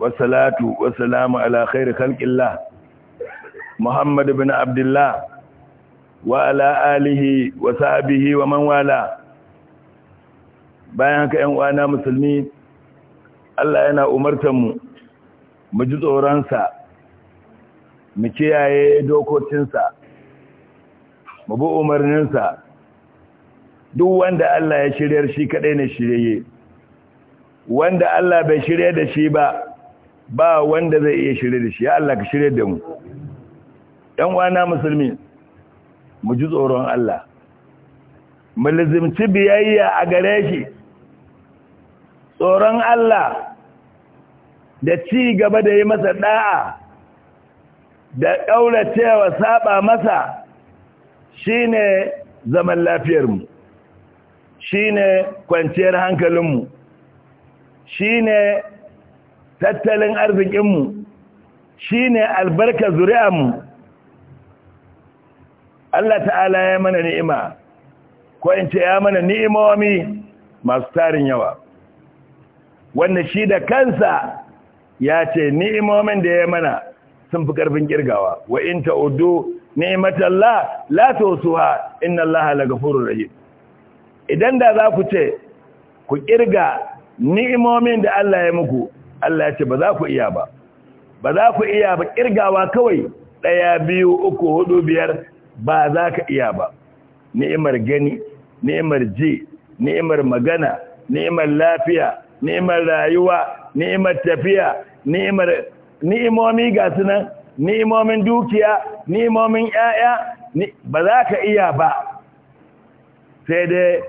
wasalatu wasalamu ala khairi khalqillah Muhammad ibn Abdullah wa ala alihi wa sahbihi wa man wala bayan ka ƴan uwana musulmi Allah yana umartar mu mu ji tsoron sa mu kiyaye dokokinsa mu bi umarninsa duk wanda Allah ya shiryar shi kadai ne shiryayye wanda Allah bai shirye da shi ba ba wanda zai iya shirye da shi ya Allah ka shirye da mu ɗan wana musulmi mu ji tsoron Allah mu lazimci biyayya a gare shi tsoron Allah da ci gaba da yi masa ɗa'a da ɗauracewa saba masa shine zaman lafiyar mu, shine kwanciyar hankalin mu, shine tattalin arzikinmu shi ne albarka zuri'anmu Allah ta'ala ya mana ni'ima ko in ce ya mana ni'imomi masu tarin yawa wanda shi da kansa ya ce ni'imomin da ya mana sun fi ƙarfin ƙirgawa wa in ta'udu ni'matallah la ha inna Allah halaga furu rahi idan da za ku ce ku ƙirga ni'imomin da Allah ya muku Allah ya ce ba za ku iya ba ba za ku iya ba kirgawa kawai ɗaya biyu uku hudu biyar ba za ka iya ba ni'imar gani ni'imar ji ni'imar magana ni'imar lafiya ni'imar rayuwa ni'imar tafiya ni'imar ni'imomi ga sunan ni'imomin dukiya ni'imomin 'ya'ya ba za ka iya ba sai dai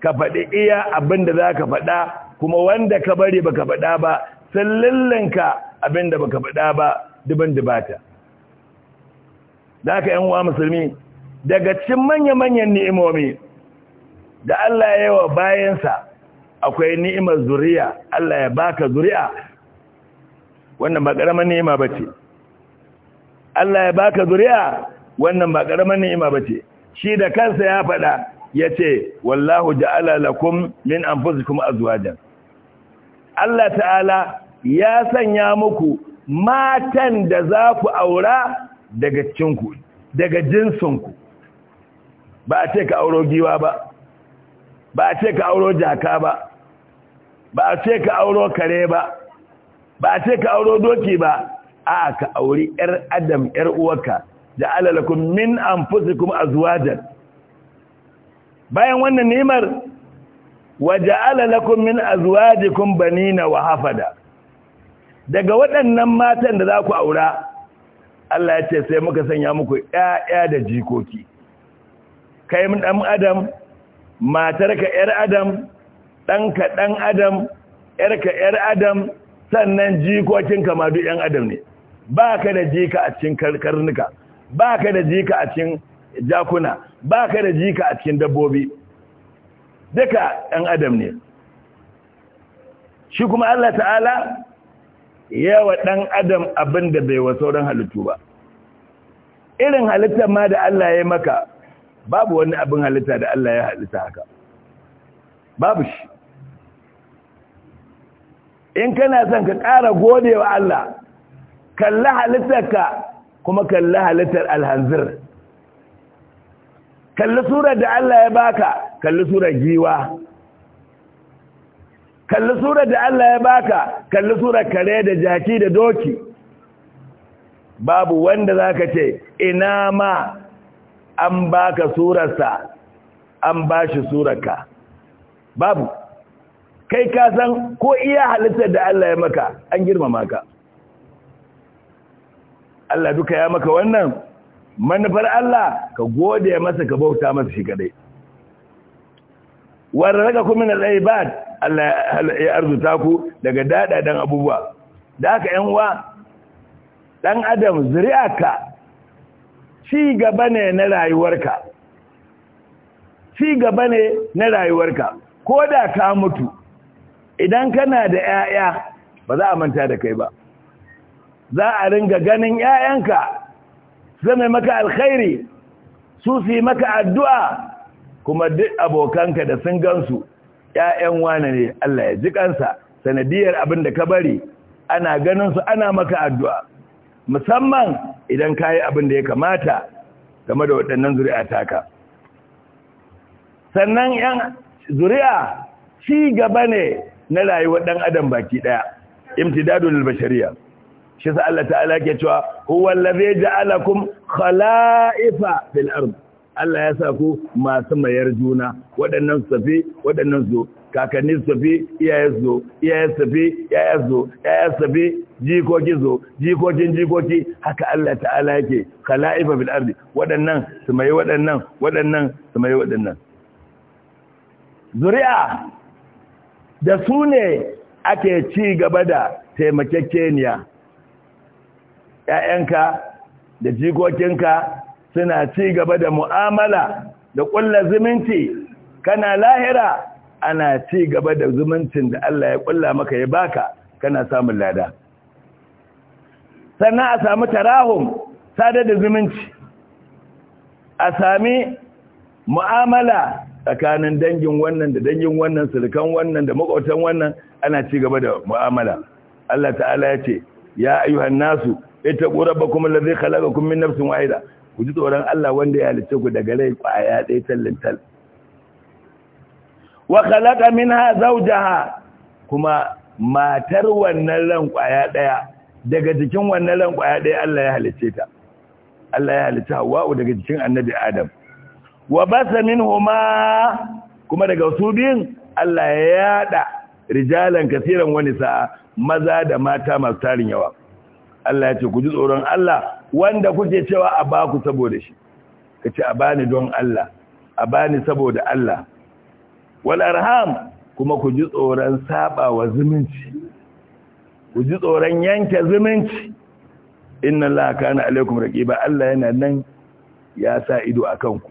ka faɗi iya abinda za ka faɗa kuma wanda ka bari ba ka faɗa ba sallallanka abin da baka faɗa ba duban dubata da aka yan uwa musulmi daga cikin manya-manyan ni'imomi da Allah ya wa bayansa akwai ni'imar zuriya Allah ya baka zuriya wannan ba ƙaramin ni'ima bace Allah ya baka zuriya wannan ba ƙaramin ni'ima bace shi da kansa ya faɗa yace wallahu ja'ala lakum min anfusikum azwajan Allah ta'ala ya sanya muku matan da za ku aura daga cinku daga jinsinku ba a ce ka auro giwa ba ba a ce ka auro jaka ba ba a ce ka auro kare ba ba a ce ka auro doki ba a ka auri yar adam yar uwarka da lakum min anfusikum azwajan bayan wannan ni'imar wa ja'ala lakum min azwajikum banina wa hafada daga waɗannan matan da za ku aura Allah ya ce sai muka sanya muku ‘ya'ya da jikoki kai ɗan adam matar ka ‘yar adam ɗanka ɗan adam ka ‘yar adam sannan jikokin kama duk ‘yan adam ne ba ka da jika a cikin karnuka ba ka da jika a cikin jakuna ba ka da jika a cikin dabbobi duka ‘yan adam ne shi kuma Allah ta'ala yawa ɗan adam abin da bai wa sauran halittu ba irin halittar ma da Allah ya maka babu wani abin halitta da Allah ya halitta haka babu shi in kana son ka ƙara gode wa Allah kalli halittarka kuma kalli halittar alhanzir kalli surar da Allah ya baka kalli surar giwa kalli surar da Allah ya baka kalli surar kare da jaki da doki babu wanda zaka ce ina ma an baka surarsa an bashi surarka babu kai ka san ko iya halittar da Allah ya maka an girmama ka Allah duka ya maka wannan manufar Allah ka gode masa ka bauta masa shi kadai Wanda razaqakum min al ba Allah ya arzuta ku daga dadadan abubuwa da haka yan uwa dan adam zuri'arka ci gaba ne na rayuwarka ci gaba ne na rayuwarka ko da ka mutu idan kana da 'ya'ya ba za a manta da kai ba za a ringa ganin 'ya'yanka zama maka alkhairi su su maka addu'a kuma duk abokanka da sun gansu ‘ya'yan wane ne Allah ya ji kansa sanadiyar abin da ka bari ana ganin su ana maka addu'a musamman idan ka yi abin da ya kamata game da waɗannan zuri'a taka sannan ‘yan zuri'a ci gaba ne na rayuwar ɗan adam baki ɗaya imtidadul bashariya shi sa Allah ta'ala ke cewa huwa ja'alakum khala'ifa fil Allah ya sa ku masu mayar juna waɗannan su tafi, waɗannan zo kakanni su tafi iyayen zo iyayen tafi, iyayen zo iyayen tafi jikoki zo jikokin jikoki haka Allah ta'ala yake khala'ifa bil ardi waɗannan su mai waɗannan waɗannan su mai waɗannan zuri'a da su ne ake ci gaba da taimakekeniya ‘ya'yanka da jikokinka suna ci gaba da mu'amala da ƙulla zumunci kana lahira ana ci gaba da zumuncin da Allah ya ƙulla maka ya baka kana samun lada sannan a sami tarahum sada da zumunci a sami mu'amala tsakanin dangin wannan da dangin wannan sulkan wannan da makwautan wannan ana ci gaba da mu'amala Allah ta'ala ya ce ya ayyuhan nasu kuma rabbakum allazi khalaqakum min nafsin wahida ku ji tsoron Allah wanda ya halice ku daga rai kwaya ɗaya tallintal wa khalaqa zau jaha, kuma matar wannan ran kwaya ɗaya daga jikin wannan ran kwaya ɗaya Allah ya halice ta Allah ya halice Hawwa'u daga jikin Annabi Adam wa basa huma, kuma daga su biyun Allah ya yada rijalan kasiran wani sa'a maza da mata masu tarin yawa Allah ya ce ku ji tsoron Allah wanda kuke cewa a baku saboda shi ka ce a bani don Allah a bani saboda Allah wal arham kuma ku ji tsoron saba wa zumunci ku ji tsoron yanke zumunci inna Allah kana alaikum raqiba Allah yana nan ya sa ido akan ku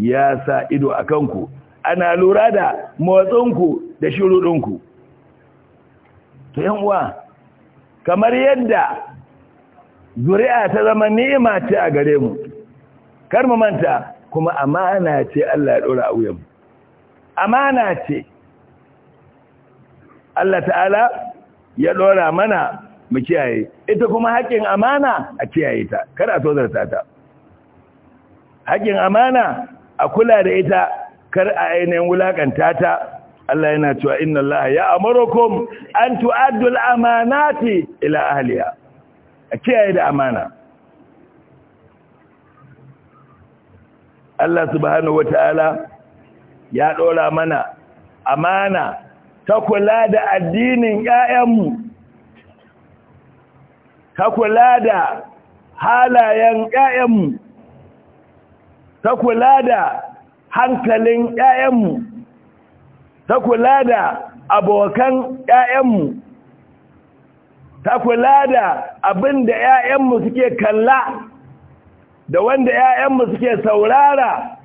ya sa ido akan ku ana lura da motsin ku da shirudinku to yan kamar yadda zuri'a ta zama ni'ima ce a gare mu kar mu manta kuma amana ce Allah ya dora a wuyan amana ce Allah ta'ala ya dora mana mu kiyaye ita kuma haƙin amana a kiyaye ta kar a tozarta ta haƙƙin amana a kula da ita kar a ainihin wulaƙanta ta Allah yana cewa inna Allah ya amurukum an tu'addul amanati ila ahliha a kiyaye da amana Allah subhanahu wataala ya ɗora mana amana ta kula da addinin ƴaƴanmu ta kula da halayen ƴaƴanmu ta kula da hankalin ƴaƴanmu ta kula da abokan ƴaƴanmu ta kula da abin da 'ya'yanmu suke kalla da wanda 'ya'yanmu suke saurara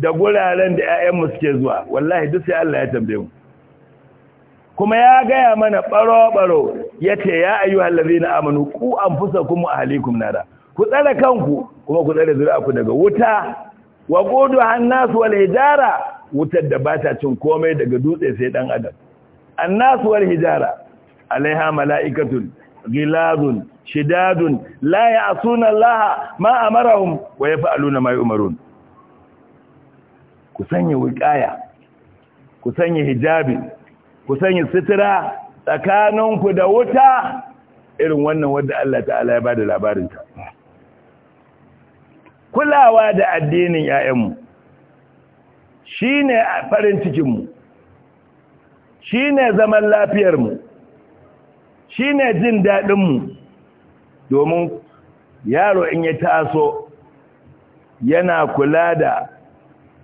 da guraren da 'ya'yanmu suke zuwa wallahi duk sai Allah ya tambaye mu kuma ya gaya mana ɓaro-ɓaro ya ce ya ayyu hallari na amanu ku an fusa kuma a halikun nara ku tsare kanku kuma ku tsare zuri'aku daga wuta wa godo hannasu wal hijara wutar da ba ta cin komai daga dutse sai ɗan adam annasu wal hijara alaiha mala'ikatun gilazun shidadun la suna Laha, ma amarahum wa yaf'aluna ma yu'marun ku sanya wiqaya ku sanya hijabi ku sanya sitira tsakaninku da wuta irin wannan wadda Allah ta'ala ya da labarinta kulawa da addinin ‘ya'yanmu shi ne farin cikinmu shi ne zaman lafiyarmu shi ne jin daɗinmu domin yaro in ya taso yana kula da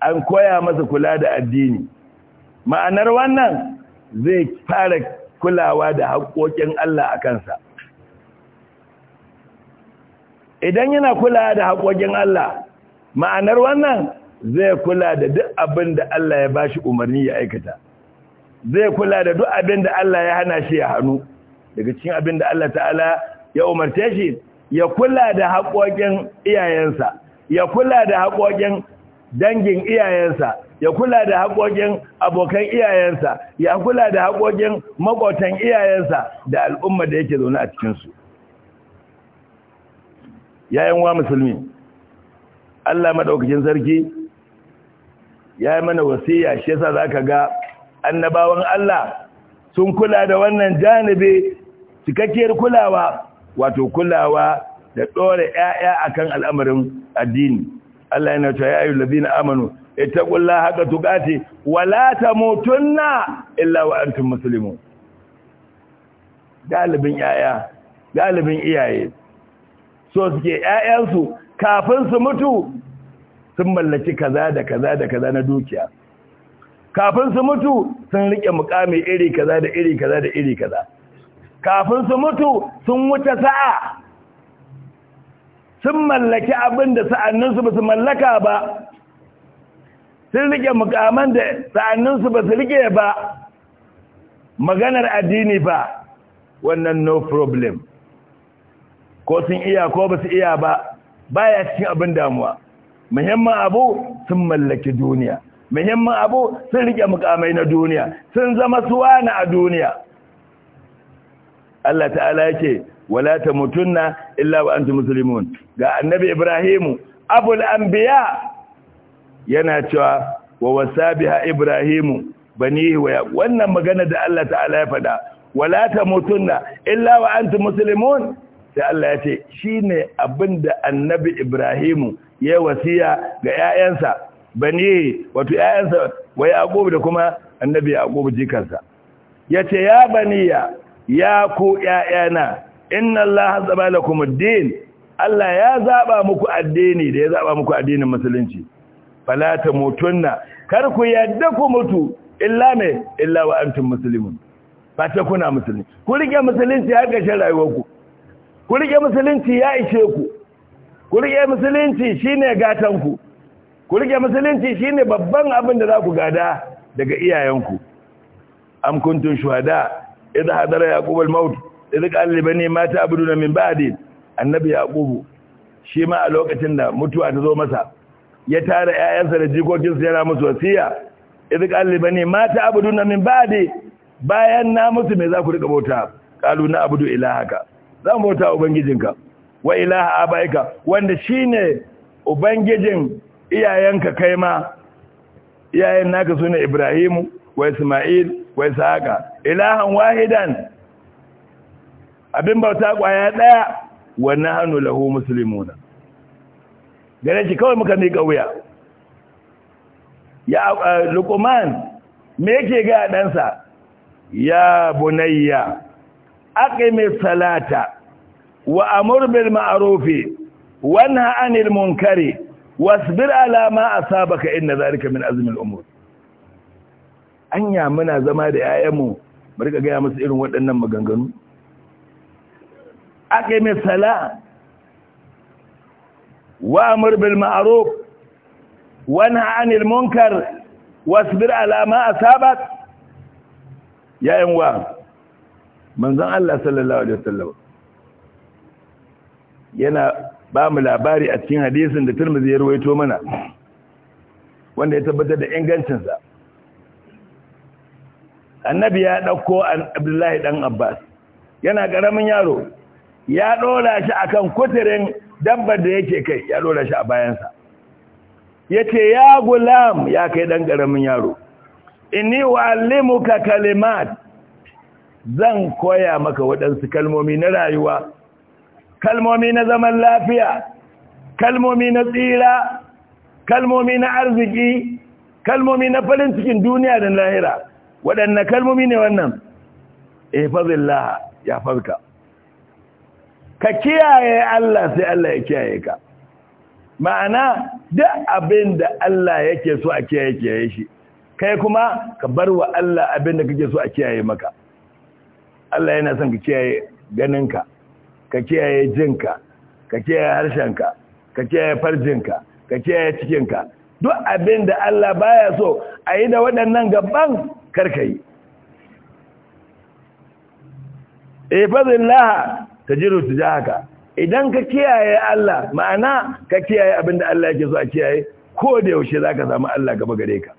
an koya masa kula da addini ma'anar wannan zai fara kulawa da haƙoƙin Allah a kansa idan yana kulawa da haƙoƙin Allah ma'anar wannan zai kula da duk abin da Allah ya bashi umarni ya aikata zai kula da duk abin da Allah ya hana shi ya hannu daga cikin abin da Allah ta'ala ya umarce shi ya kula da haƙoƙin iyayensa ya kula da haƙoƙin dangin iyayensa ya kula da haƙoƙin abokan iyayensa ya kula da haƙoƙin maƙotan iyayensa da al'umma da yake zaune a cikinsu yayin wa musulmi Allah maɗaukacin sarki ya yi mana wasiya shi yasa za ka ga annabawan Allah sun kula da wannan janibi cikakkiyar kulawa wato kulawa da ɗora ‘ya'ya akan al'amarin addini Allah yana cewa ya yi amanu ita kula haka wa la tamutunna illa wa antum musulmi galibin ‘ya'ya galibin iyaye so suke ‘ya'yansu kafin su mutu sun mallaki kaza da kaza da kaza na dukiya kafin su mutu sun riƙe mukami iri kaza da iri kaza da iri kaza kafin su mutu sun wuce sa'a sun mallaki abin da sa'anninsu ba su mallaka ba sun rike mukaman da sa'anninsu ba su rike ba maganar addini ba wannan no problem ko sun iya ko ba su iya ba baya cikin abin damuwa muhimman abu sun mallaki duniya muhimman abu sun rike mukamai na duniya sun zama suwana a duniya Allah ta'ala yake wala tamutunna illa wa antum ga annabi Ibrahim abul anbiya yana cewa wa wasabiha ibrahimu banihi wa wannan magana da Allah ta'ala ya faɗa wala tamutunna illa wa antum muslimun sai Allah ya ce shine abinda annabi Ibrahimu ya wasiya ga ƴaƴansa banihi wato ƴaƴansa wa Yaqub da kuma annabi Yaqub jikansa yace ya baniya ya ku ‘ya'yana, inna Allah zaba kuma din Allah ya zaba muku addini da ya zaba muku addinin musulunci. Falata mutunna, kar ku yadda ku mutu, illa mai, illa wa antum musulmin. Fata kuna musulmi. Ku rike musulunci har ƙarshen rayuwarku. Ku rike musulunci ya ishe ku. Ku rike musulunci shine gatanku. Ku rike musulunci shine babban abin da za ku gada daga iyayenku. Am kuntun shuhada idza hadara yaqub al-maut idza qala li bani ma ta'buduna min ba'di annabi yaqub shi ma a lokacin da mutuwa ta zo masa ya tara 'ya'yansa da jikokinsa yana musu wasiya idza qala li bani ma ta'buduna min ba'di bayan na musu me za ku rika bauta qalu na abudu ilahaka zan bauta ubangijinka wa ilaha abaika wanda shine ubangijin iyayenka kai ma iyayen naka sune ibrahimu wa isma'il wai saka ilahan wahidan abin bauta kwaya daya wannan hannu lahu musulmuna. gare shi kawai muka miƙa wuya ya eh, luqman me yake ga ɗansa ya bunayya aqimi salata wa amur bil ma'rufi wanha anil munkari wasbir ala ma asabaka inna zalika min azmi al umur anya muna zama da yayanmu mu rika gaya musu irin waɗannan maganganu aqimi sala wa amr bil ma'ruf wa nahy 'anil munkar wasbir ala ma asabat yayin wa manzon Allah sallallahu alaihi wasallam yana ba mu labari a cikin hadisin da Tirmidhi ya ruwaito mana wanda ya tabbatar da ingancinsa annabi ya ɗauko abdullahi ɗan abbas yana ƙaramin yaro ya ɗora shi akan kuturin dabbar da yake kai ya ɗora shi a bayansa ya ce ya gulam ya kai ɗan ƙaramin yaro inni wa'allimuka kalimat zan koya maka waɗansu kalmomi na rayuwa kalmomi na zaman lafiya kalmomi na tsira kalmomi na arziki kalmomi na farin cikin duniya da lahira waɗanne kalmomi ne wannan ihfazillah eh, ya farka ka kiyaye Allah sai Allah ya kiyaye ka ma'ana duk abin da Allah yake so a kiyaye kiyaye shi kai kuma ka bar wa Allah abin da kake so a kiyaye maka Allah yana son ka kiyaye ganinka ka kiyaye jinka ka kiyaye harshenka ka kiyaye farjinka ka kiyaye cikinka duk abin da Allah baya so a yi da waɗannan gaban karkai yi e fadin laha ta jiru idan ka kiyaye Allah ma'ana ka kiyaye abinda Allah yake so a kiyaye ko da yaushe zaka ka samu Allah gaba gare ka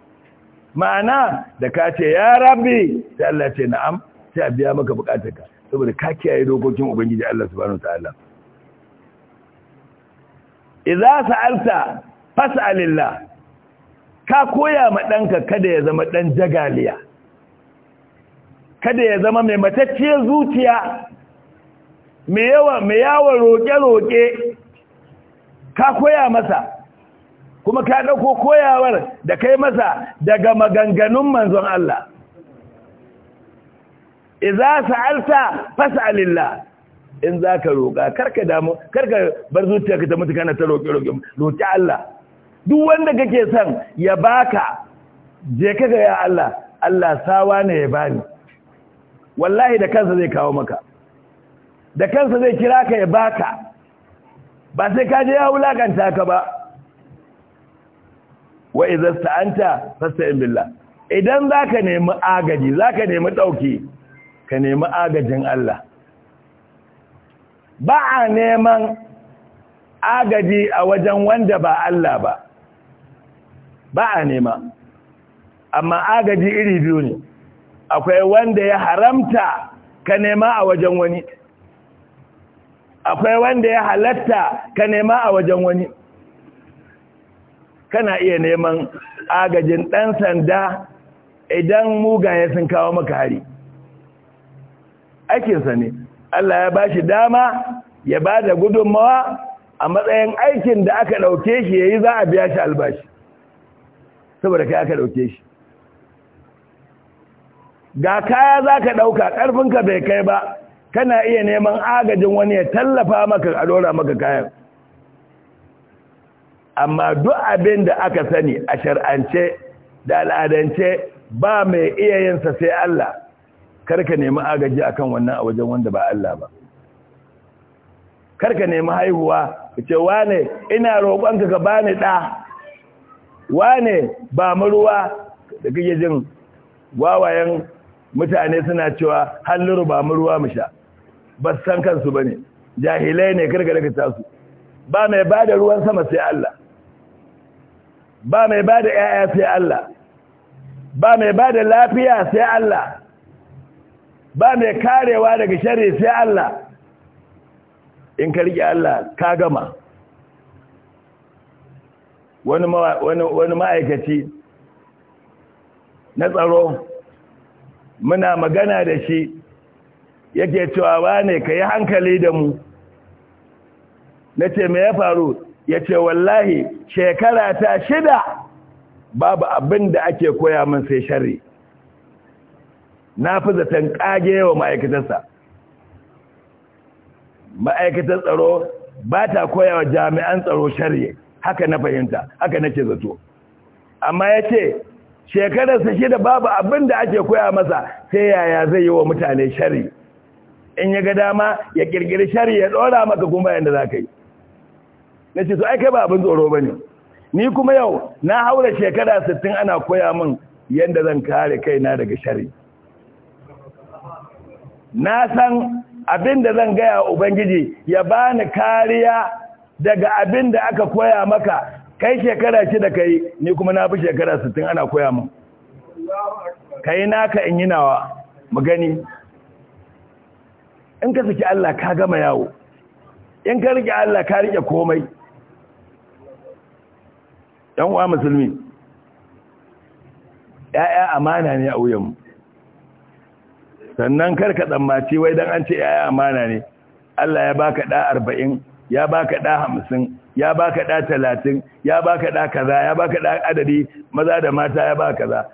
ma'ana da ka ce ya rabbi sai Allah ce na'am sai a biya maka ka saboda ka kiyaye dokokin ubangiji Allah subhanahu wataala idza sa'alta fas'alillah ka koya ma ɗanka kada ya zama ɗan jagaliya kada ya zama mai matacciyar zuciya mai yawa mai yawa roƙe-roƙe ka koya masa kuma ka ɗauko koyawar da kai masa daga maganganun manzon Allah iza sa'alta fas'alillah in zaka roƙa karka damu karka bar zuciyarka ta mutu kana ta roƙe-roƙe roƙi Allah duk wanda kake son ya baka je kaga ya Allah Allah sawa ne ya bani wallahi da kansa zai kawo maka da kansa zai kira ka ya baka ba sai ka je ya wulakanta ka ba wa idza sta'anta fasta'in billah idan zaka nemi agaji zaka nemi dauki ka nemi agajin Allah ba a neman agaji a wajen wanda ba Allah ba ba a nema amma agaji iri biyu ne akwai wanda ya haramta ka nema a wajen wani akwai wanda ya halatta ka nema a wajen wani kana iya neman agajin ɗan sanda idan mugaye sun kawo maka hari aikinsa ne Allah ya ba shi dama ya ba da gudunmawa a matsayin aikin da aka ɗauke shi ya yi za a biya shi albashi saboda kai aka ɗauke shi ga kaya zaka ka karfin ka bai kai ba kana iya neman agajin wani ya tallafa maka a dora maka kayan amma duk abin da aka sani a shar'ance da al'adance ba mai iya yinsa sai Allah karka nemi agaji akan wannan a wajen wanda ba Allah ba karka nemi haihuwa ce wane ina roƙonka ka bani ɗa wane ba ruwa da kake jin wawayen mutane suna cewa halliru ba ruwa mu sha ba san kansu ba ne jahilai ne karkare ka tasu ba mai ba ruwan sama sai Allah ba mai ba 'ya'ya sai Allah ba mai ba lafiya sai Allah ba mai karewa daga shari sai Allah in ka riƙe Allah ka gama wani ma'aikaci na tsaro muna magana da shi yake cewa ba ne ka yi hankali da mu na ce me ya faru ya ce wallahi shekara ta shida babu abin da ake koya min sai shari na fi zaton kage wa ma'aikatarsa ma'aikatar tsaro ba ta koya wa jami'an tsaro shari'a haka na fahimta haka nake zato amma ya ce shi shida babu abin da ake koya masa sai yaya zai yi wa mutane shari in ya ga dama ya kirkiri shari ya ɗora maka kuma yadda za ka yi na ce so ai kai ba abin tsoro bane ni kuma yau na haura shekara sittin ana koya min yadda zan kare kaina daga shari na san abin da zan gaya ubangiji ya bani kariya daga abin da aka koya maka kai shekara da kai ni kuma na fi shekara 60 ana koya mu kai naka in yi nawa mu gani in ka saki Allah ka gama yawo in ka rike Allah ka rike komai dan uwa musulmi ya'ya amana ne a wuyanmu sannan karka mace wai dan an ce ya'ya amana ne Allah ya baka da arba'in ya baka da hamsin ya baka da talatin ya baka da kaza ya baka da adadi maza da mata ya baka kaza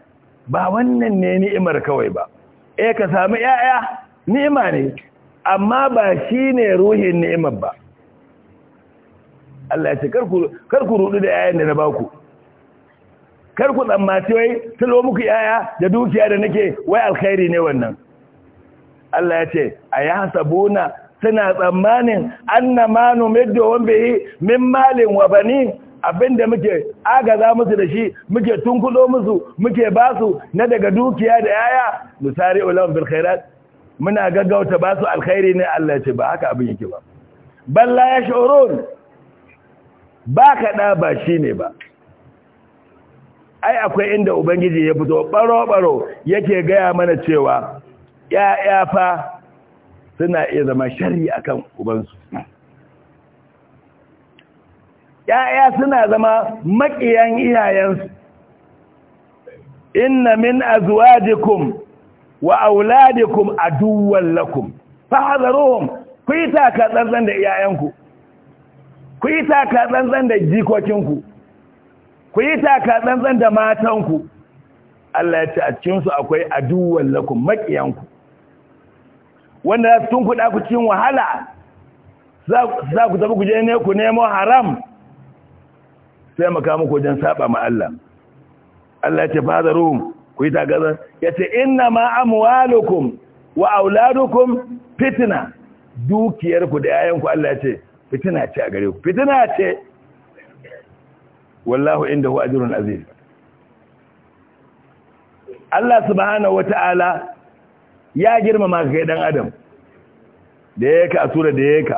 ba wannan ne ni'imar kawai ba eh ka samu yaya ni'ima ne amma ba shi ne ruhin ni'imar ba Allah ya ce kar ku rudu da yayan da na baku karku tsammaci wai tulo muku yaya da dukiya da nake wai alkhairi ne wannan Allah ya ce a ya hasabuna suna tsammanin manu numiddu wan yi min malin wa banin abinda muke agaza musu da shi muke tunkudo musu muke ba su na daga dukiya da yaya misari ulam bil khairat muna gaggauta ba su alkhairi ne Allah ce ba haka abin yake ba balla ya shurun ba da ba shi ne ba ai akwai inda ubangiji ya fito baro baro yake gaya mana cewa ya'ya fa suna iya zama shari kan ubansu ‘ya'ya suna zama maƙiyan iyayensu inna min azwajikum wa auladikum aduwwan lakum fahadharuhum ku yi taka tsantsan da iyayenku ku yi taka tsantsan da jikokinku ku yi taka tsantsan da matanku Allah ya ce a cikin su akwai aduwwan lakum maƙiyanku wanda za su tunkuɗa ku cikin wahala za ku tafi ku je ne ku nemo haram sai maka muku wajen saba ma Allah Allah ce fadaru ku yi tagazar ya ce ina ma amwalukum wa auladukum fitina ku da yayanku Allah ce fitina ce a gare ku fitina ce wallahu inda hu ajrun aziz Allah subhanahu ta'ala. ya girmama ka kai dan adam da yake a sura da yake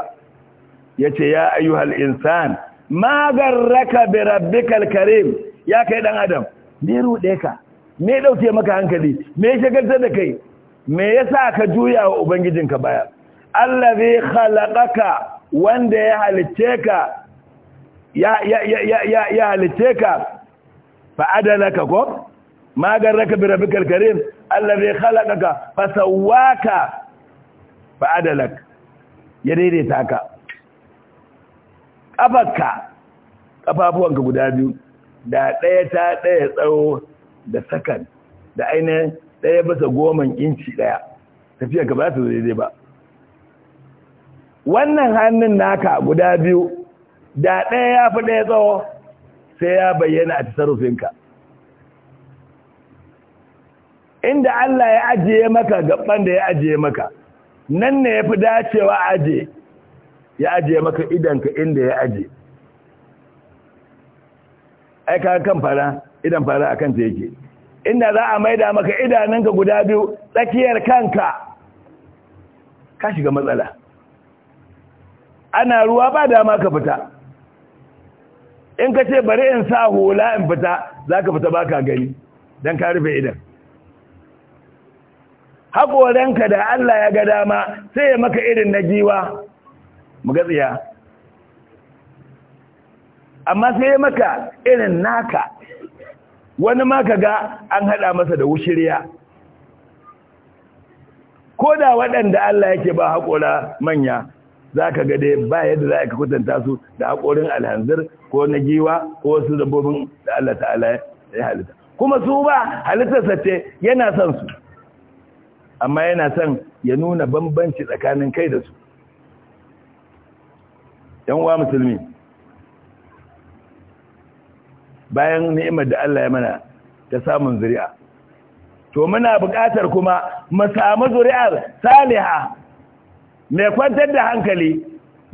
yace ya ayyuhal insan ma garraka bi rabbikal karim ya kai dan adam me rude ka me dauke maka hankali me shagaltar da kai me yasa ka juya wa ubangijinka baya allazi khalaqaka wanda ya halice ka ya ya ya ya ya halice ka fa adalaka ko ma garraka bi rabbikal karim allazi khalaqaka fasawwaka fa adalak ya daidaita ka Ƙafarka, kafafuwanka guda biyu da ɗaya ta ɗaya tsawo da sakan da ainihin ɗaya basa goman inci ɗaya tafiya ka ba su daidai ba wannan hannun naka guda biyu da ɗaya ya fi ɗaya tsawo sai ya bayyana a tasarrufinka inda Allah ya ajiye maka gabban da ya ajiye maka nan ne yafi dacewa aje ya ajiye maka idanka inda ya aje ai ka kan fara idan fara akan ta yake inda za a maida maka idananka guda biyu tsakiyar kanka ka shiga matsala ana ruwa ba dama ka fita in ka ce bari in sa hula in fita za ka fita ba ka gani don ka rufe idan haƙoranka da Allah ya ga dama sai ya maka irin na giwa mu gatsiya amma sai ya maka irin naka wani ma ka ga an haɗa masa da wushiriya ko da waɗanda Allah yake ba haƙora manya za ka ga dai ba yadda za ka kwatanta su da haƙorin alhanzir ko na giwa ko wasu dabbobin da Allah ta'ala ya halitta kuma su ba halittarsa ce yana son su amma yana son ya nuna bambanci tsakanin kai da su yan wa musulmi bayan ni'imar da Allah ya mana ta samun zuri'a to muna buƙatar kuma mu samu zuri'ar saliha mai kwantar da hankali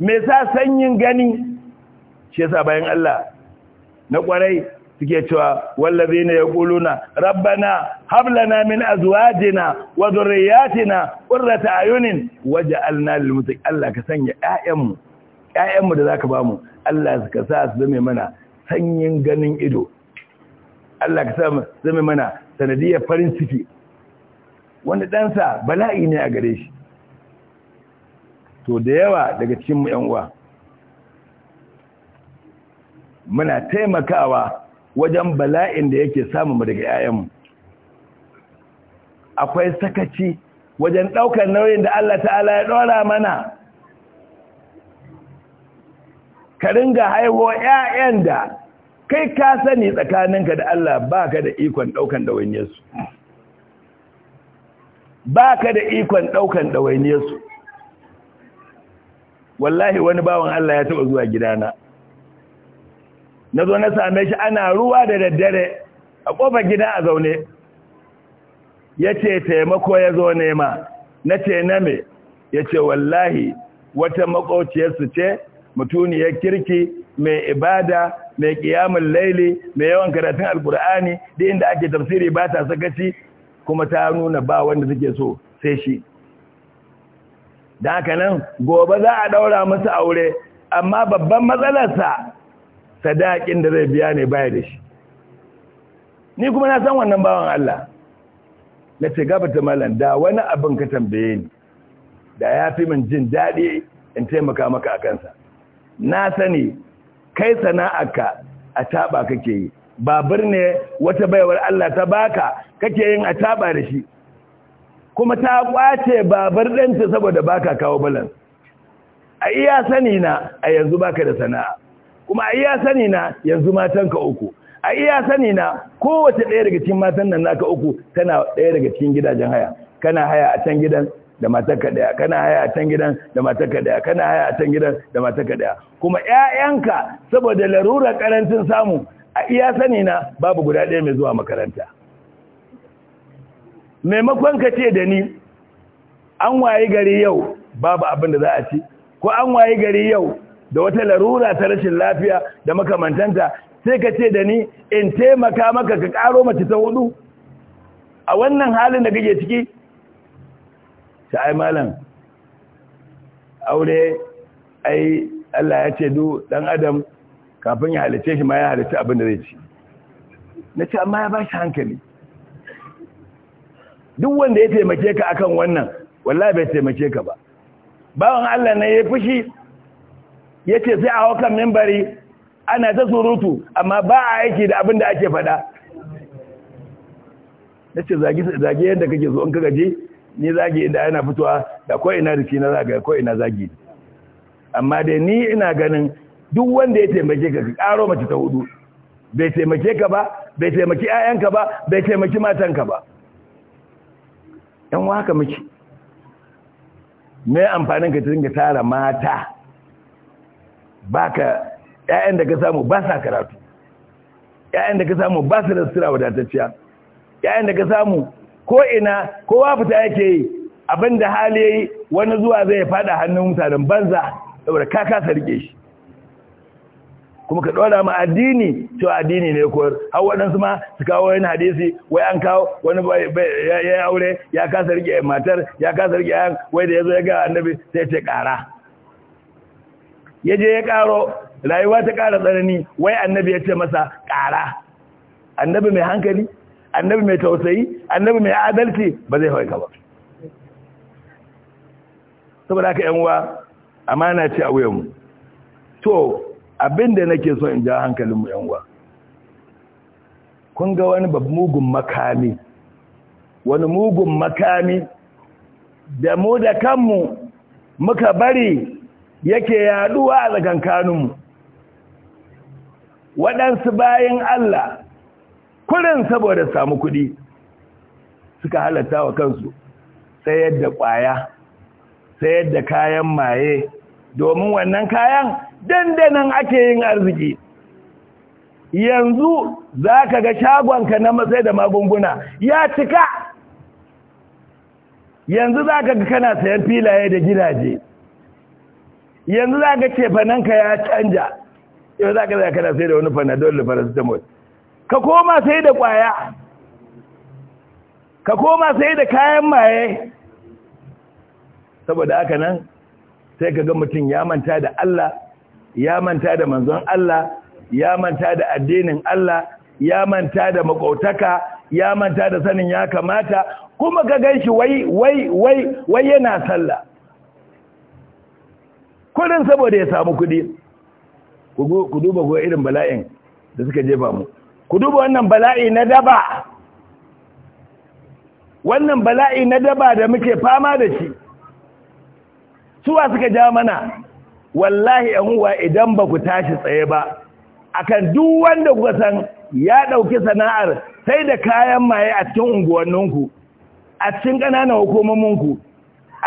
mai sa sanyin gani shi yasa bayan Allah na ƙwarai suke cewa ne wallazina na rabbana hab lana min azwajina wa dhurriyyatina qurrata ayunin waj'alna lil muttaqin Allah ka sanya ƴaƴanmu ƴaƴanmu da zaka bamu Allah ka sa su zame mana sanyin ganin ido Allah ka sa su zame mana sanadiyar farin ciki wanda ɗansa bala'i ne a gare shi to da yawa daga cikin mu ƴan uwa muna taimakawa wajen bala'in da yake samu mu daga 'ya'yanmu akwai sakaci wajen ɗaukar nauyin da Allah ta'ala ya ɗora mana ka ringa haihuwa 'ya'yan da kai ka sani tsakaninka da Allah ba ka da ikon ɗaukan ɗawainiyarsu ba ka da ikon ɗaukan ɗawainiyarsu wallahi wani bawan Allah ya taɓa zuwa gidana na zo na same shi ana ruwa da daddare a ƙofar gida a zaune ya ce taimako ya zo nema na ce na me ya ce wallahi wata makociyarsu ce mutuniyar kirki mai ibada mai kiyamun laili mai yawan karatun alkur'ani da inda ake tafsiri ba ta sakaci kuma ta nuna ba wanda suke so sai shi da haka nan gobe za a daura musu aure amma babban matsalarsa sadakin da zai biya ne baya da shi ni kuma na san wannan bawan Allah na ce ta malam da wani abin ka tambaye ni da ya fi min jin daɗi in taimaka maka a kansa na sani kai sana'arka a taɓa kake yi babur ne wata baiwar Allah ta baka kake yin a taɓa da shi kuma ta kwace babar ɗanta saboda baka kawo balan a iya sani na a yanzu baka da sana'a kuma a iya sani na yanzu matan ka uku a iya sani na kowace ɗaya daga cikin matan nan naka uku tana ɗaya daga cikin gidajen haya kana haya a can gidan da ka daya kana haya a can gidan da ka daya kana haya a can gidan da ka daya kuma ƴaƴanka saboda larura karancin samu a iya sani na babu guda ɗaya mai zuwa makaranta maimakon ka ce da ni an wayi gari yau babu abin da za a ci ko an wayi gari yau da wata larura ta rashin lafiya da makamantanta sai ka ce da ni in taimaka maka ka karo mace ta hudu a wannan halin da kake ciki ta ai malam aure ai Allah ya ce du dan adam kafin ya halice shi ma ya halice abin da zai ci na ce amma ya ba shi hankali duk wanda ya taimake ka akan wannan wallahi bai taimake ka ba bawan Allah ne ya fushi ya ce sai a haukan mimbari ana ta surutu amma ba a aiki da abin da ake faɗa na ce zage yadda kake zo in ka gaje ni zage inda yana fitowa da ko ina da na zage ko ina zage amma dai ni ina ganin duk wanda ya taimake ka karo mace ta hudu bai taimake ka ba bai taimaki 'ya'yanka ba bai taimaki matanka ba yan waka miki mai amfanin ka tara mata baka ‘ya’yan da ka samu ba sa karatu ‘ya’yan da ka samu ba su rastura wadatacciya ‘ya’yan da ka samu ko ina kowa fita yake yi abinda hali yi wani zuwa zai fada hannun mutanen banza saboda ka kasa rike shi kuma ka ɗora ma addini cewa addini ne ko har waɗansu ma su kawo wani hadisi wai an kawo wani ya aure ya kasa rike matar ya kasa rike yan wai da zo ya ga annabi sai ce ƙara. ya je ya ƙaro rayuwa ta ƙara tsanani wai annabi ya ce masa ƙara annabi mai hankali annabi mai tausayi annabi mai adalci ba zai hawaika ba saboda haka uwa amana ce a wuyanmu to abinda nake so in ja hankalinmu uwa kun ga wani mugun makami wani mugun makami da mu da kanmu muka bari yake yaduwa a tsakankaninmu waɗansu bayan Allah kurin saboda samu kuɗi suka halatta wa kansu sayar da ƙwaya sayar da kayan maye domin wannan kayan dandanan ake yin arziki yanzu za ka ga shagonka na matsayi da magunguna ya cika yanzu za ka ga kana sayan filaye da gidaje yanzu za ka ce fananka ya canja yau za ka zaka kana sai da wani fanadol da paracetamol ka koma sai da kwaya ka koma sai da kayan maye saboda haka nan sai ka ga mutum ya manta da Allah ya manta da manzon Allah ya manta da addinin Allah ya manta da makautaka ya manta da sanin ya kamata kuma ka shi wai wai wai wai yana sallah kudin saboda ya samu kudi ku duba ko irin bala'in da suka jefa mu ku duba wannan bala'i na daba wannan bala'i na daba da muke fama da shi suwa suka ja mana wallahi uwa idan ba ku tashi tsaye ba akan duk wanda kuka san ya ɗauki sana'ar sai da kayan maye a cikin unguwanninku a cikin ƙananan ku,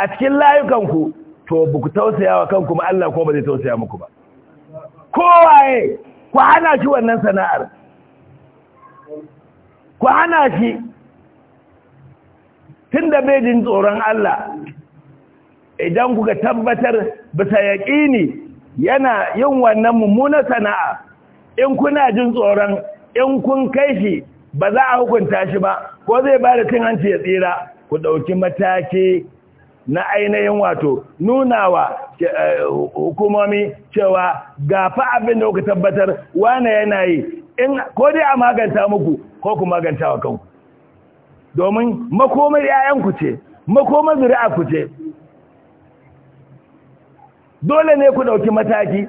a cikin layukanku to ba ku tausaya wa kanku ba Allah ko ba zai tausaya muku ba kowaye ku hana shi wannan sana'ar ku hana shi tunda bai jin tsoron Allah idan kuka tabbatar bisa yaƙini yana yin wannan mummunan sana'a in kuna jin tsoron in kun kai shi ba za a hukunta shi ba ko zai ba da cin hanci ya tsira ku ɗauki mataki na ainihin wato nunawa eh, hukumomi cewa ga fa abin da kuka tabbatar wane yana yi in ko dai a maganta muku ko ku maganta wa kanku domin makomar 'ya'yanku ce makomar zuri'a ku ce dole ne ku ɗauki mataki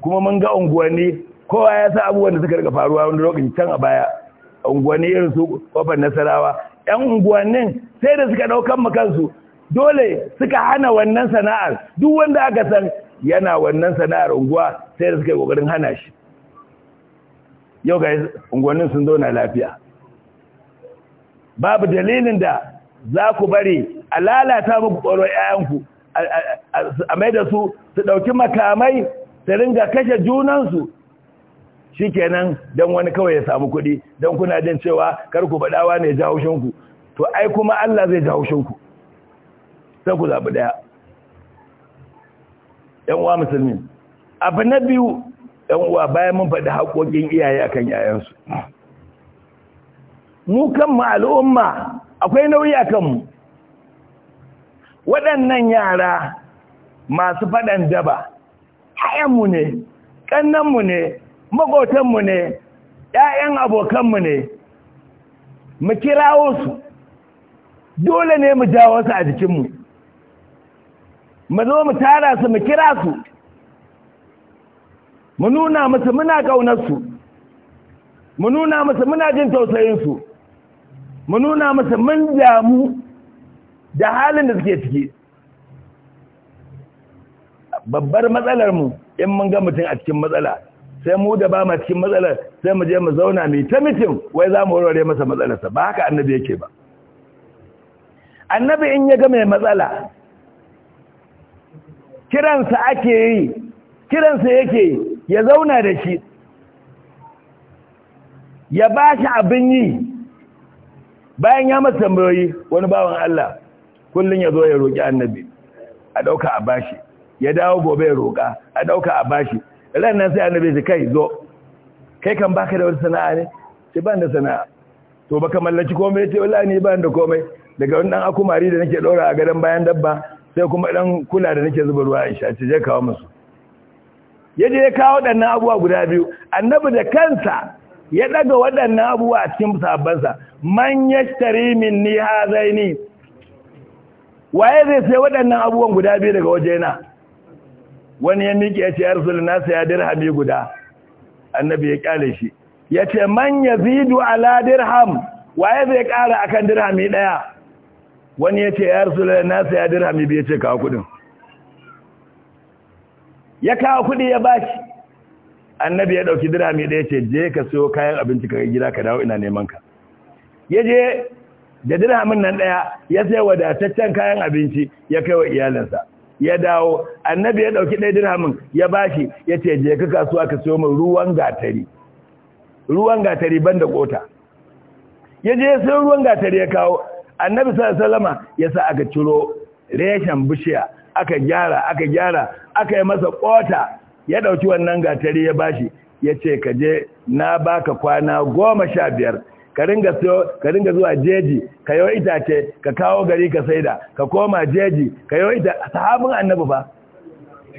kuma mun ga unguwanni kowa ya sa abubuwan da suka riga faruwa wani roƙi can a baya unguwanni irin su kofar nasarawa yan unguwannin sai da suka ɗaukan kansu dole suka hana wannan sana'ar duk wanda aka san yana wannan sana'ar unguwa sai da suka yi kokarin hana shi yau ga unguwannin sun zauna lafiya babu dalilin da za ku bari a lalata muku ƙwaron 'ya'yanku a mai da su su ɗauki makamai su ringa kashe junansu shi kenan don wani kawai ya samu kuɗi don kuna jin cewa kar ku baɗawa ne jahushinku to ai kuma Allah zai jahushinku sai ku zaɓi ɗaya ‘yan uwa musulmi abu na biyu ‘yan uwa bayan mun faɗi haƙoƙin iyaye akan yayansu mu kanmu al'umma akwai nauyi a kanmu waɗannan yara masu faɗan daba hayanmu ne ƙannanmu ne maƙotanmu ne ‘ya'yan abokanmu ne mu kirawo su dole ne mu jawo su a jikinmu mu zo mu tara su mu kira su mu nuna musu muna ƙaunarsu mu nuna musu muna jin tausayinsu mu nuna musu mun damu da halin da suke ciki babbar matsalar mu in mun ga mutum a cikin matsala sai mu da ba mu cikin matsalar sai mu je mu zauna mai ta mitin wai za mu warware masa matsalarsa ba haka annabi yake ba annabi in ya ga mai matsala kiransa ake yi kiransa yake ya zauna da shi ya ba shi abin yi bayan ya masa tambayoyi wani bawan Allah kullum ya zo ya roƙi annabi a ɗauka a bashi ya dawo gobe ya roƙa a ɗauka a bashi ranar sai annabi su kai zo kai kan baka da wani sana'a ne sai ban da sana'a to baka mallaci komai ce wallahi ni ban da komai daga wani ɗan akumari da nake ɗora a gadon bayan dabba sai kuma ɗan kula da nake zuba ruwa in sha ce je kawo musu ya je ya kawo waɗannan abubuwa guda biyu annabi da kansa ya daga waɗannan abubuwa a cikin sahabbansa man yashtari zai hazaini waye zai sai waɗannan abubuwan guda biyu daga wajena wani ya miƙe ya ce ya rasu na saya dirhami guda annabi ya kyale shi ya ce man yazidu ala dirham waye zai ƙara akan dirhami ɗaya wani ya ce ya rasulullah na saya dirhami biyu ce kawo kudin ya kawo kudi ya bashi annabi ya dauki dirhami da ya ce je ka siyo kayan abinci ka gida ka dawo ina neman ka ya je da dirhamin nan daya ya sai wadataccen kayan abinci ya kai wa iyalinsa ya dawo annabi ya dauki ɗaya dirhamin ya bashi ya ce je ka kasuwa ka siyo min ruwan gatari ruwan gatari banda kota ya je sai ruwan gatari ya kawo annabi sallallahu alaihi wasallama yasa aka ciro reshen bishiya aka gyara aka gyara aka yi masa kota ya dauki wannan gatari ya bashi ya ce ka je na baka kwana goma sha biyar ka ringa zuwa jeji ka yi itace ka kawo gari ka saida ka koma jeji ka yi itace sahabin annabi ba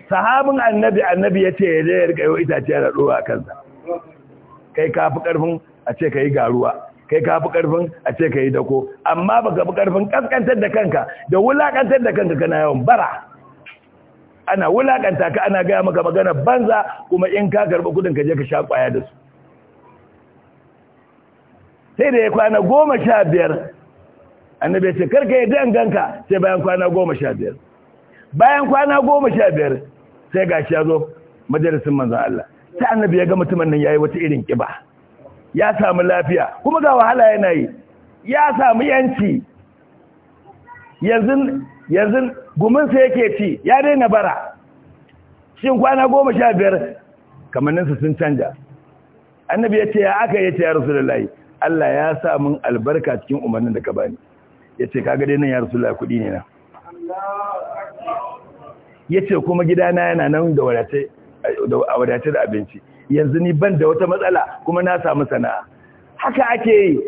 sahabin annabi annabi ya ce ya je ya rika yi itace ya raɗo a kansa kai ka fi ƙarfin a ce ka yi garuwa kai ka fi karfin a ce ka yi dako amma baka fi karfin kaskantar da kanka da wulakantar da kanka kana yawan bara ana wulakanta ka ana gaya maka magana banza kuma in ka karɓi kudin ka je ka sha kwaya da su sai da ya kwana goma sha biyar annabi ce karka ya danganka sai bayan kwana goma sha biyar bayan kwana goma sha biyar sai gashi ya zo majalisin manzan Allah sai annabi ya ga mutumin nan yayi wata irin ƙiba. ya samu lafiya kuma ga wahala yana yi ya samu yanci yanzu guminsa yake ci ya daina bara shin kwana goma sha biyar kamanninsa sun canja annabi ya ce ya aka yace ya rasu lalai Allah ya sa albarka cikin umarnin da ka bani yace kaga dai nan ya rasu lalai kudi ne na Ya ce kuma gidana yana nan da wadace da abinci yanzu ni ban da wata matsala kuma na samu sana'a haka ake yi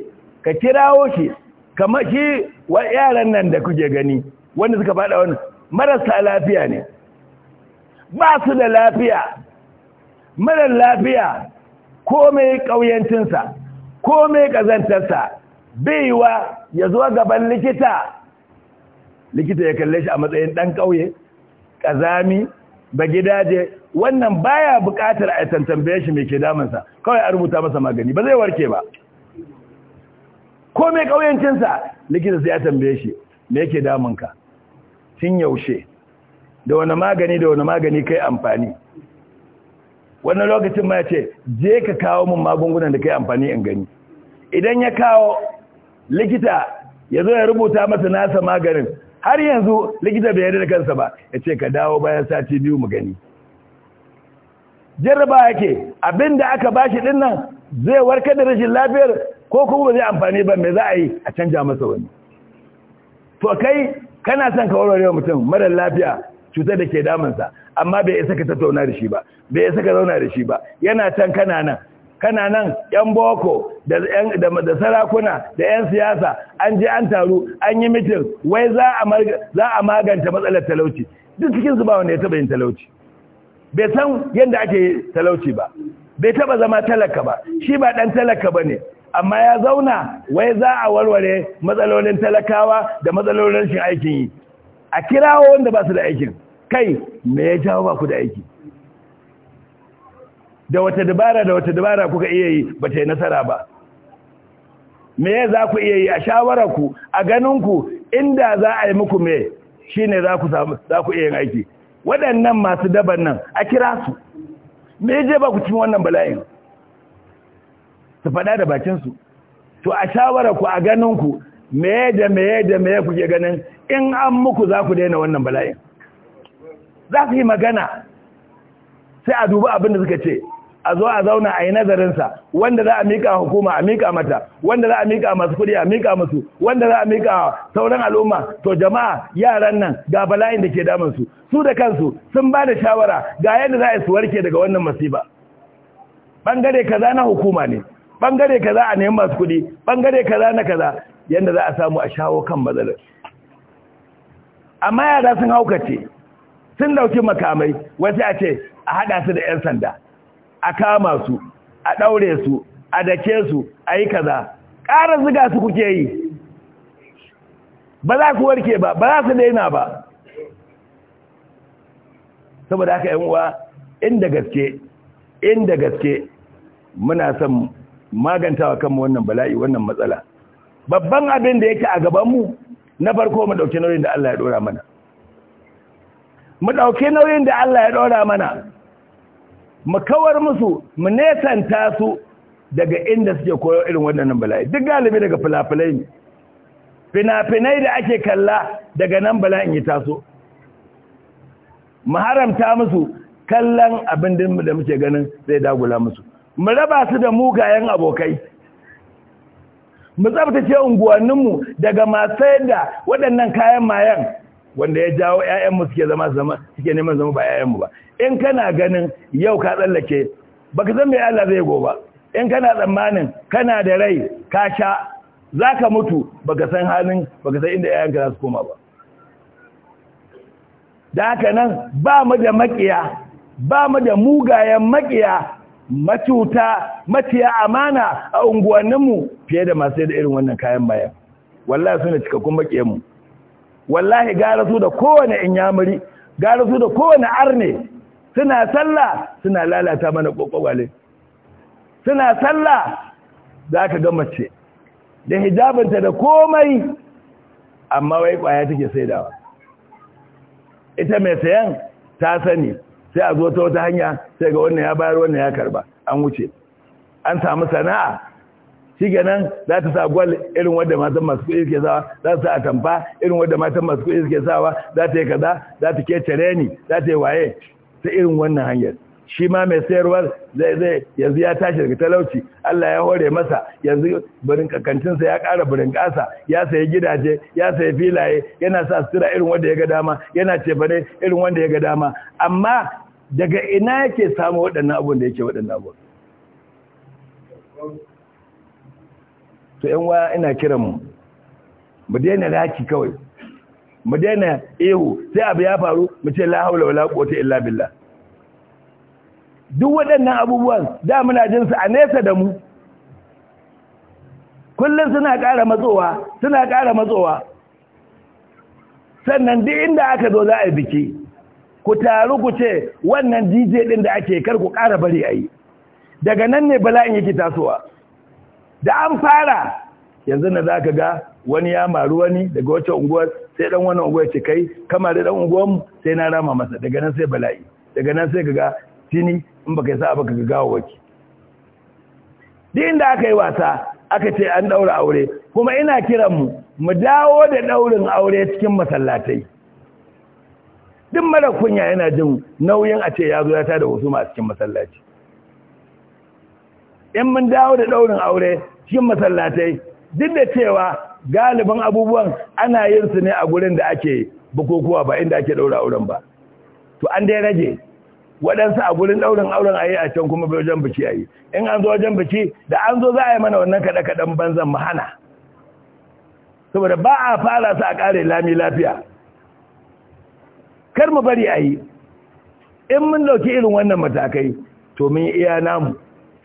ka kirawo shi kamar shi wa yaran nan da kuke gani wanda suka faɗa wani marasa lafiya ne ba su da lafiya marar lafiya komai ƙauyancinsa komai ƙazantarsa baiwa ya zo gaban likita likita ya kalle shi a matsayin ɗan ƙauye ƙazami ba gidaje wannan baya buƙatar a tantambe shi mai ke damunsa kawai a rubuta masa magani ba zai warke ba ko mai ƙauyancinsa likita sai ya tambaye shi me ke ka. tun yaushe da wani magani da wani magani kai amfani wannan lokacin ma ce je ka kawo min magungunan da kai amfani in gani idan ya kawo likita ya zo ya rubuta masa nasa maganin har yanzu likita bai yarda da kansa ba ya ce ka dawo bayan sati biyu mu gani jarraba yake abinda aka bashi din nan zai warkar da rashin lafiyar ko kuma ba zai amfani ba mai za a yi a canja masa wani to kai kana son ka warware wa mutum mara lafiya cutar da ke damunsa amma bai isa ka tattauna da shi ba bai isa ka zauna da shi ba yana can kana nan kana nan yan boko da da sarakuna da yan siyasa an je an taru an yi mitin wai za a za a maganta matsalar talauci duk cikin su ba wanda ya taba yin talauci bai san yadda ake talauci ba bai taba zama talaka ba shi ba dan talaka bane amma ya zauna wai za a warware matsalolin talakawa da matsalolin rashin aikin yi a kirawo wanda ba su da aikin kai me ya jawo ba ku da aiki da wata dabara da wata dabara kuka iya yi ba ta yi nasara ba me za ku iya yi a shawararku a ganinku inda za a yi muku me shi ne za ku iya yin aiki waɗannan masu daban nan a kira su me je ba ku cin wannan bala'in su faɗa da bakinsu to a shawararku a ganinku me da me da me kuke ganin in an muku za ku daina wannan bala'in za su yi magana sai a dubi abin da suka ce a zo a zauna a yi nazarinsa wanda za a mika hukuma a mika mata wanda za a mika masu kudi a mika musu wanda za a mika sauran al'umma to jama'a yaran nan ga bala'in da ke damun su su da kansu sun ba da shawara ga yadda za a su warke daga wannan masiba Ɓangare kaza na hukuma ne bangare kaza a neman masu kudi bangare kaza na kaza yadda za a samu a shawo kan matsalar amma yara sun haukace sun ɗauki makamai wasu a ce a haɗa su da 'yan sanda a kama su a ɗaure su a dake su a yi kaza ƙara ziga su kuke yi ba za ku warke ba ba za su daina ba saboda haka uwa inda gaske inda gaske muna son magantawa kanmu wannan bala'i wannan matsala babban abin da yake a gabanmu na farko mu ɗauki nauyin da Allah ya ɗora mana mu ɗauki nauyin da Allah ya ɗora mana mu kawar musu mu nesanta su daga inda suke koyo irin wannan bala'i duk galibi daga fulafulai ne fina-finai da ake kalla daga nan bala'in ya taso mu haramta musu kallon abin da muke ganin zai dagula musu mu raba su da mugayen abokai mu tsabtace unguwanninmu daga masu yadda waɗannan kayan mayan wanda ya jawo mu suke zama zama suke neman zama ba mu ba in kana ganin yau ka tsallake baka san me Allah zai goba in kana tsammanin kana da rai ka sha zaka mutu baka san halin baka san inda ƴaƴanka za su koma ba da haka nan ba mu da makiya ba mu da mugayen makiya macuta maciya amana a unguwanninmu fiye da masu da irin wannan kayan bayan wallahi suna cikakkun makiyanmu wallahi gara su da kowane inyamuri gara su da kowane arne suna sallah suna lalata mana kokowale suna sallah za ka ga mace da hijabinta da komai amma wai kwaya take saidawa ita mai sayan ta sani sai a zo ta wata hanya sai ga wannan ya bayar wannan ya karba an wuce an samu sana'a shi kenan za ta sa gwal irin wadda matan masu kuɗi suke sawa za ta sa atamfa irin wadda matan masu kuɗi suke sawa za ta yi kaza za ta ke ni, za ta yi waye ta irin wannan hanyar shi ma mai sayarwar zai zai yanzu ya tashi daga talauci Allah ya hore masa yanzu burin ya ƙara burin ƙasa ya sayi gidaje ya sayi filaye yana sa sutura irin wanda ya ga dama yana cefane irin wanda ya ga dama amma daga ina yake samu waɗannan abun da yake waɗannan abun to yan waya ina kiran mu mu daina laki kawai mu daina ehu sai abu ya faru mu ce la haula wala quwwata illa billah duk waɗannan abubuwan da muna jin su a nesa da mu kullum suna ƙara matsowa suna ƙara matsowa sannan duk inda aka zo za a biki ku taru ku ce wannan DJ din da ake kar ku ƙara bari a yi daga nan ne bala'in yake tasowa da an fara yanzu na ka ga wani ya maru wani daga wacce unguwar sai dan wannan unguwar ce kai kama da dan unguwar sai na rama masa daga nan sai bala'i daga nan sai ka ga tini in baka sa baka ga gawawaki duk inda aka yi wasa aka ce an daura aure kuma ina kiran mu mu dawo da daurin aure cikin masallatai duk mara kunya yana jin nauyin a ce ya zo ya tada wasu masu cikin masallaci in mun dawo da ɗaurin aure cikin masallatai duk da cewa galibin abubuwan ana yin su ne a gurin da ake bukukuwa ba inda ake ɗaura auren ba to an dai rage waɗansu a gurin ɗaurin auren a a can kuma wajen biki a yi in an zo wajen biki da an zo za a yi mana wannan kaɗe-kaɗen banzan mu hana saboda ba a fara su a ƙare lami lafiya kar mu bari ayi in mun ɗauki irin wannan matakai to mun iya namu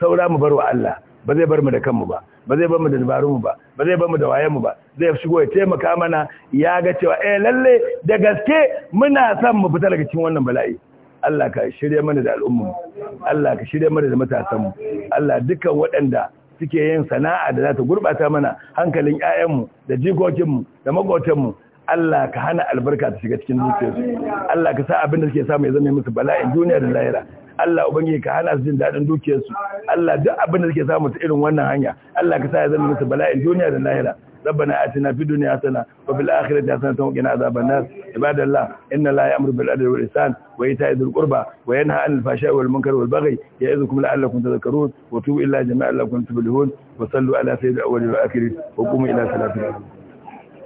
saura mu bar wa Allah ba zai bar mu da kanmu ba ba zai bar mu da mu ba ba zai bar mu da mu ba zai shigo ya taimaka mana ya ga cewa eh lalle da gaske muna son mu fita daga cikin wannan bala'i Allah ka shirye mana da al'ummu Allah ka shirye mana da matasan mu Allah dukkan waɗanda suke yin sana'a da za ta gurɓata mana hankalin ƴaƴanmu da jikokinmu da maƙotanmu Allah ka hana albarka ta shiga cikin zuciyarsu Allah ka sa abin da suke samu ya zama musu bala'in duniya da lahira Allah ubangiji ka hana su jin dadin dukiyarsu Allah duk abin da suke samu ta irin wannan hanya Allah ka sa ya zama musu bala'in duniya da lahira ربنا آتنا في الدنيا حسنة وفي الآخرة حسنة وقنا عذاب النار عباد الله إن الله يأمر بالعدل والإحسان وإيتاء ذي القربى وينهى عن الفحشاء والمنكر والبغي يعظكم لعلكم تذكرون وتوبوا إلى جميعا لكم تفلحون وصلوا على سيد الأولين والآخرين وقوموا إلى صلاتكم